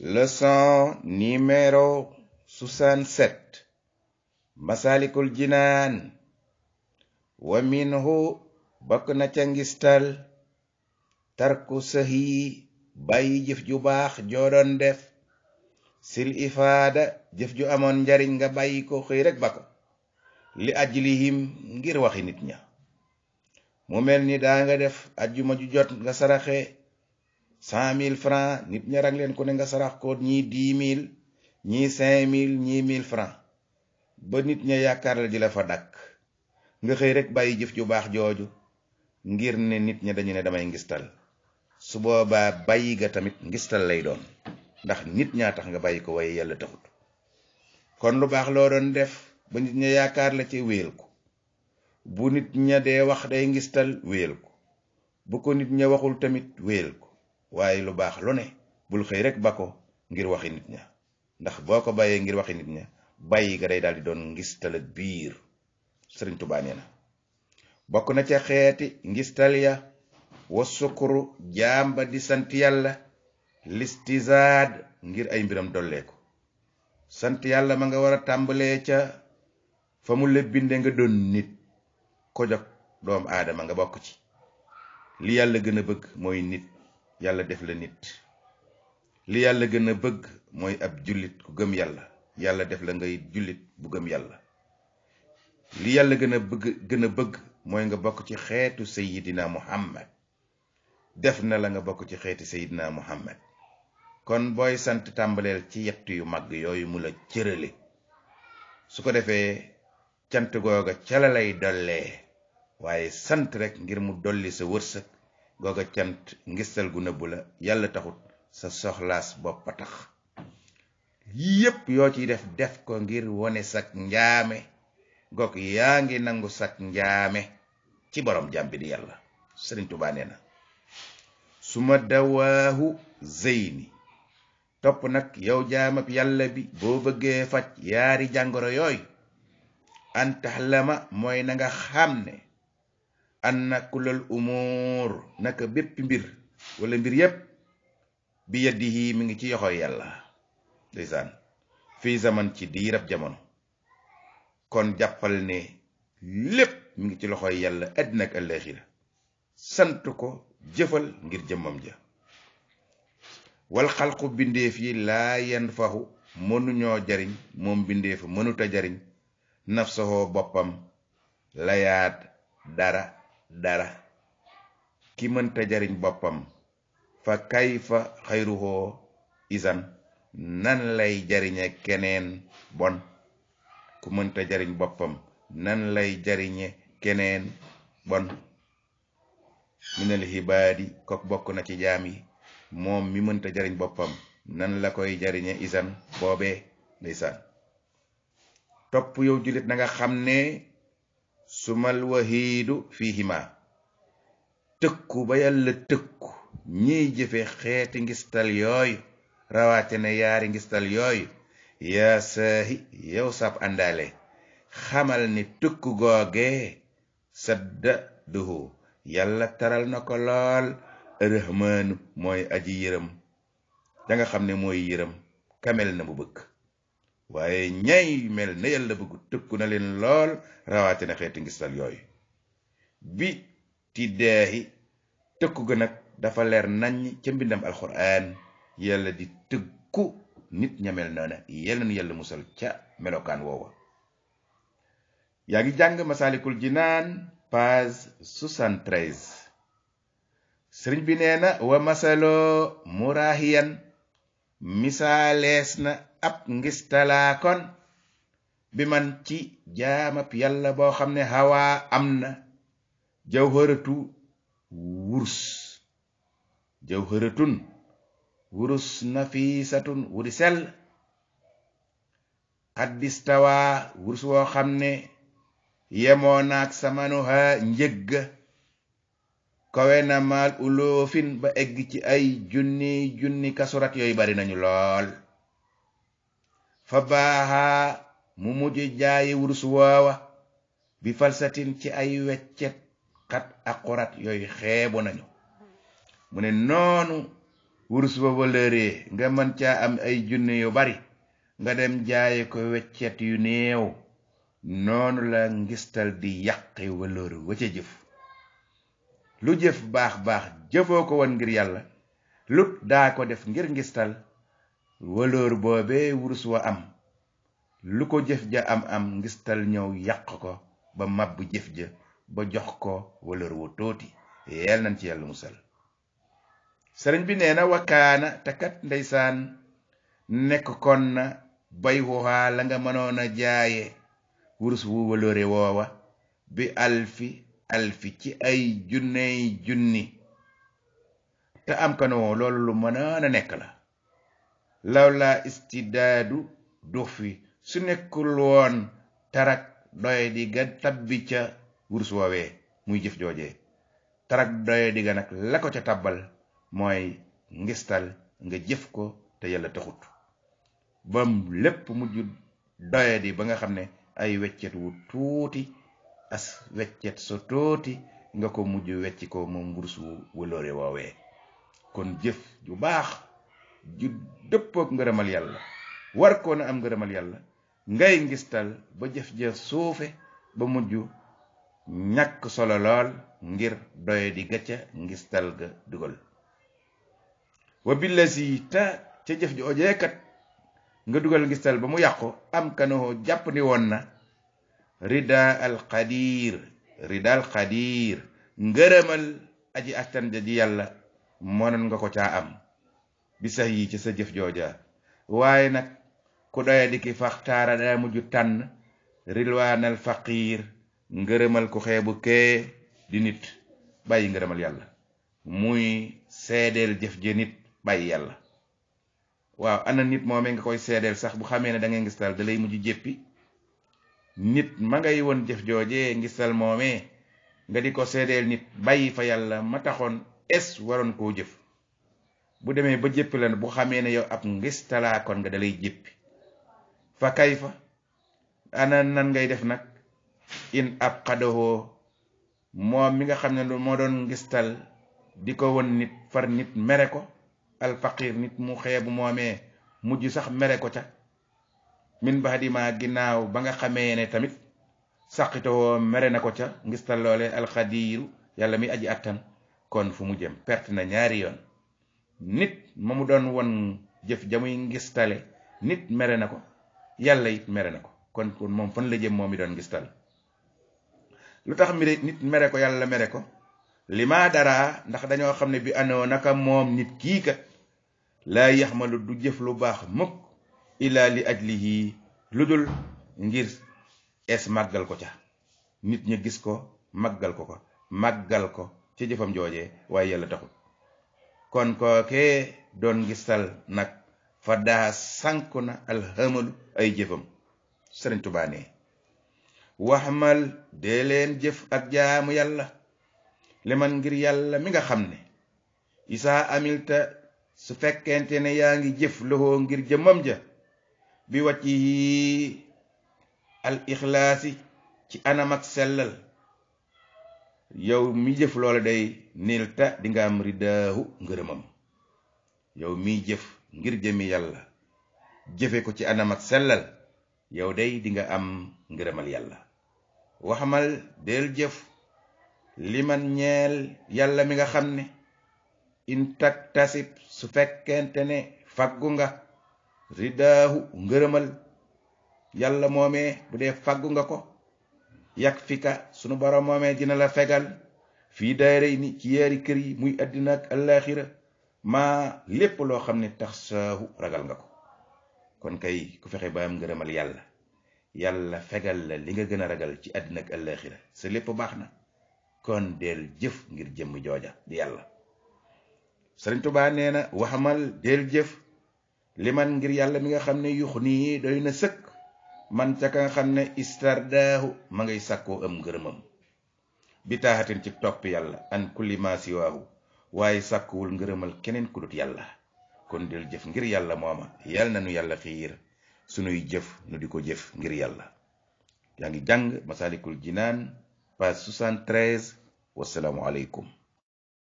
leçon numéro 67 masalikul jinaan wa minhu bakk na ca ngistal tarku sëhi bàyyi jëf ju baax joo def sil ifaada jëf ju amoon njariñ nga bàyyi ko xëy rek ba li ajlihim ngir waxi nit ña mu mel ni daa nga def ajjuma ju jot nga saraxe cent mille francs nit ña rang leen ku ne nga sarax ko ñii dix mille ñii cinq mille ñii mille francs ba nit ña yaakaar la ji la fa dakk nga xëy rek bàyyi jëf ju baax jooju ngir ne nit ña dañu ne damay ngistal su boobaa bàyyi ga tamit ngistal lay doon ndax nit ñaa tax nga bàyyi ko waaye yàlla taxut kon lu baax loo doon def ba nit ña yaakaar la ci wéel ko bu nit ña dee wax day ngistal wéel ko bu ko nit ña waxul tamit wéel ko waaye lu baax lu ne bul xëy rek bako ngir waxi nit ña ndax boo ko bàyyee ngir waxi nit ña bàyyi ga day daal di doon ngistal ak biir sëriñ Tuubaa nee na bokk na ca xeeti ngistal ya wa sukuru jaamba di sant yàlla listizaad ngir ay mbiram dolleeku sant yàlla ma nga war a tàmbalee ca fa mu lébbinde nga doon nit ko doom doomu aadama nga bokk ci li yàlla gën a bëgg mooy nit yàlla def la nit li yàlla gën a bëgg mooy ab jullit ku gëm yàlla yàlla def la ngay jullit bu gëm yàlla li yàlla gën a bëgg gën a bëgg mooy nga bokk ci xeetu sayidina muhammad def na la nga bokk ci xeeti sayidina muhammad kon booy sant tàmbaleel ci yett yu mag yooyu mu la cërale su ko defee cant googa ca la lay dollee waaye sant rek ngir mu dolli sa wërsëg googa cant ngistal gu nëbbu la yàlla taxut sa soxlaas boppa tax yii yépp yoo ciy def def ko ngir wone sak njame goog yaa ngi nangu sak njame ci borom jàmm bi di yàlla sëriñ Tuubaa nee na su ma dawaahu zeyni topp nag yow jaamab yàlla bi boo bëggee faj yaari jàngoro yooy antax lama mooy na nga xam anna kulal umur naka bépp mbir wala mbir yépp bi yadihi mi ngi ci yoxoy yàlla ndeysaan fii zaman ci diirab jamono kon jàppal ne lépp mi ngi ci loxoy yàlla àddina ak àllaaxira sant ko jëfal ngir jëmmam ja wal xalqu bindeef yi laa yanfahu mënuñoo jariñ moom bindeef mënuta jariñ nafsahoo boppam layaat dara dara ki mënta jariñ boppam fa kayfa xayruhoo isan nan lay jariñe keneen bon ku mënta jariñ boppam nan lay jariñe keneen bon minal xibaadi kok bokk na ci jaam yi moom mi mënta jariñ boppam nan la koy jariñe isan boobee ndeysaan yow jullit na xam ne sumal wahiidu fihima tëkku ba yàlla tëkku ñi jëfe xeeti ngistal yooyu rawaate na yaari ngistal yooyu yaa saahi yow sab àndaale xamal ni tëkku googee sadda duhu yàlla taral na ko lool rahmaanu mooy aji yërëm da nga xam ni mooy yërëm kamel na bu bëgg waaye ñay mel na yàlla bëgg tëkku na leen lool rawaate na xeeti ngistal yooyu bi ti deexi tëkku ga nag dafa leer nañ ca mbindam alxuraan yàlla di tëkku nit ña mel noona yal na nu yàlla musal ca melokaan woowa yaa ngi jàng naan jinaan page 73 sëriñ bi nee na wa masaloo muraahiyan misaalees na ab ngistalaa bi man ci jaamab yàlla boo xam ne hawaa am na jawharatu wurus jawharatun wurus nafisatun wuri sell xaddistawaa wurus woo xam ne yemoo naag samanuha njëgg kowe na maal uloofin ba egg ci ay junni junni kasurat yooyu bari nañu lool fa baaxaa mu mujj jaayi wurus waawa bi falsatin ci ay weccet kat ak xurat yooyu xeebu nañu mu ne noonu wurus ba valëree nga mën caa am ay junne yu bari nga dem jaaye ko weccet yu neew noonu la ngistal di yàqe valëru wa ca jëf lu jëf baax baax jëfoo ko woon ngir yàlla lut daa ko def ngir ngistal wëloor boobee wurus wa am lu ko jëf ja am am ngistal ñëw yàq ko ba màbb jëf ja ba jox ko wëloor wa tóoti yeel ci yàlla musal sëriñ bi nee na wakaana te kat ndeysaan nekk kon na bay wuxaa la nga mënoon a jaaye wurus wu wëloore woowa bi alfi alfi ci ay junney junni te am kanoo loolu lu nekk la lawla istidaadu dux fi su nekkul woon tarak doye di ga tabbi ca wurus woowee muy jëf joojee tarak doye di ga nag la ko ca tabbal mooy ngistal nga jëf ko te yàlla taxut bam lépp mujj doye di ba nga xam ne ay weccet wu tuuti as weccet so tuuti nga ko mujj wecci ko moom wurus wu wëloore woowee kon jëf ju baax ju dëppook ngërëmal yàlla war koo na am ngërëmal yàlla ngay ngistal ba jëf ja suufe ba mujj ñàkk solo lool ngir doye di gacca ngistal ga dugal wa billasi ta ca jëf ju ojeekat nga dugal ngistal ba mu yàqu am kanoo jàpp ni woon na rida al qadir ngërëmal aji attan ja ji yàlla moonoon nga ko caa am bi sax yi ci sa jëf jooja waaye nag ku doya di ki faxtaara da mujj tànn rilwaanal faqiir ngërëmal ku xeebu kee di nit bàyyi ngërëmal yàlla muy sedel jëf je nit bàyyi yàlla waaw ana nit moomee nga koy seedeel sax bu xamee ne da ngay ngistal da lay mujj jéppi nit ma ngay woon jëf joojee ngistal moomee nga di ko seedeel nit bàyyi fa yàlla ma taxoon es waroon koo jëf bu demee ba jëpp la bu xamee ne yow ab ngis talaakoon nga dalay jéppi fa kay fa ana nan ngay def nag in ab xadahoo moom mi nga xam ne moo doon ngistal di ko won nit far nit mere ko alfaqir nit mu xeebu moomee mujj sax mere ko ca min baadima ginnaaw ba nga xamee ne tamit saqitowoo mere na ko ca ngistal loole alxadiiru yàlla mi aji attan kon fu mu jëm perte na ñaari yoon nit ma mu doon won jëf jamuy ngistale nit mere na ko yàlla yit mere na ko kon kon moom fan la jëm moom mi doon ngistal lu tax mbir nit mere ko yàlla mere ko li ma dara ndax dañoo xam ne bi anoo naka moom nit kii kat laa yaxmalu du jëf lu baax mukk illa li ajlihi lu dul ngir es màggal ko ca nit ñi gis ko màggal ko ko màggal ko ci jëfam jooje waaye yàlla taxul kon kookee doon ngistal nag fa daa sànku na ay jëfam sëriñ Tuubaa ne waxmal dee jëf ak jaamu yàlla li ngir yàlla mi nga xam ne isaa amilta su fekkente ne yaa ngi jëf loxoo ngir jëmmam ja bi wàcc yi al ixlaasi ci anamak ak sellal yow mi jëf loola day nil ta di nga am ridaahu ngërëmam yow mi jëf ngir jëmi yàlla jëfe ko ci anam ak sellal yow day di nga am ngërëmal yàlla waxamal del jëf liman ñeel yàlla mi nga xam ne intak tasib su fekkente ne faggu nga ridaahu ngërëmal yàlla moomee bu dee faggu nga ko yàq fika sunu borom moomee dina la fegal fii daayira yi ni ci yeeri kër yi muy àddina ak allaaxira maa lépp loo xam ne tax saahu ragal nga ko kon kay ku fexe ba am ngërëmal yàlla yàlla fegal la li nga gën a ragal ci àddina ak allaaxira sa lépp baax na kon del jëf ngir jëmm jooja di yàlla sëriñ Tuubaa nee na waxamal del jëf liman ngir yàlla mi nga xam ne yux nii doy na sëkk man ca ka nga xam ne istardaahu ma ngay sàkkoo am ngërëmam bi taaxatin ci topp yàlla an kulli ma siwaahu waaye sàkkuwul ngërëmal keneen ku dut yàlla kon del jëf ngir yàlla mooma yàlla na nu yàlla xiir sunuy jëf nu di ko jëf ngir yàlla yaa ngi jàng masalikul jinaan page 73 wasalaamu aleykum